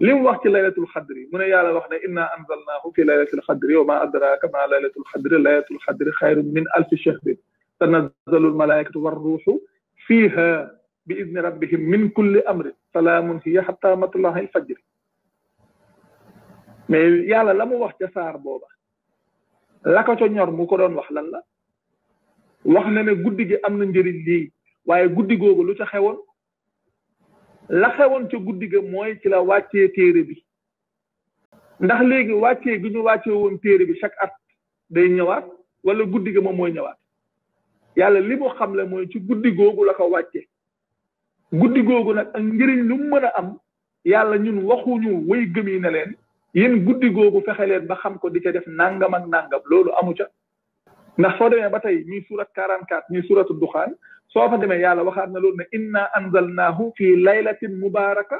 لم وقت ليلة القدر من يالا وخنا إنا أنزلناه في ليلة القدر وما أدراك ما ليلة القدر ليلة القدر خير من ألف شهر تنزل الملائكة والروح فيها بإذن ربهم من كل أمر سلام هي حتى مات مطلع الفجر مي يالا لم وقت سار بوبا لا كتو نيور موكو دون واخ لان لا واخنا ني غودي جي امنا نديري لي واي غودي غوغو لو تا خيوون la xewoon ca guddi ga mooy ci la wàccee téere bi ndax léegi wàccee gi ñu wàccee woon téere bi chaque at day ñëwaat wala guddi ga moom mooy ñëwaat yàlla li mu xam la mooy ci guddi googu la ko wàcce guddi googu nag ak njëriñ lu mu mën a am yàlla ñun waxuñu way gëm yi na leen yéen guddi googu fexe leen ba xam ko di ca def nangam ak nangam loolu amu ca ndax soo demee ba tey ñuy surat 44 ñuy suratu duxaan soo fa demee yàlla waxaat na loolu ne inna anzalnahu fi laylatin mubaraka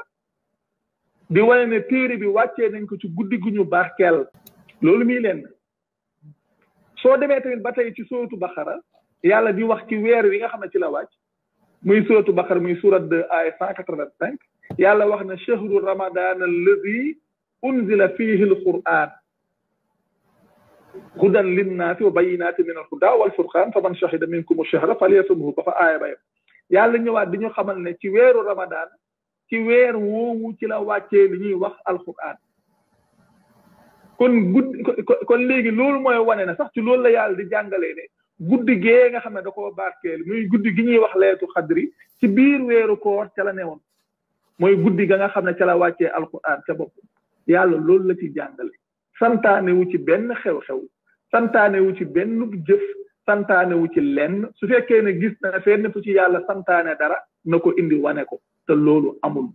di wane ne téere bi wàccee nañ ko ci guddi gu ñu barkeel loolu mii leen soo demee tamit ba tey ci suratu baxara yàlla di wax ci weer wi nga xam ne ci la wàcc muy suratu baxara muy surat de ay 185 yàlla wax na shahru ramadan alladi unzila fihi alquran hudan linnaasi wa bayyinaatin min alhuda wal furqaan faman shahida minkum shahra falyasumhu ba fa aaya ba yem yàlla ñëwaat di ñu xamal ne ci weeru ramadaan ci weeru woowu ci la wàccee li ñuy wax alquran kon guddi léegi loolu mooy wane na sax ci loolu la yàlla di jàngale ne guddi gee nga xam ne da koo barkeel muy guddi gi ñuy wax leetu xadri ci biir weeru koor ca la newoon mooy guddi ga nga xam ne ca la wàccee alquran ca bopp yàlla loolu la ci jàngale santaane wu ci benn xew-xew santaane wu ci benn jëf santaane wu ci lenn su fekkee ne gis na fenn fu ci yàlla santaane dara na ko indi wane ko te loolu amul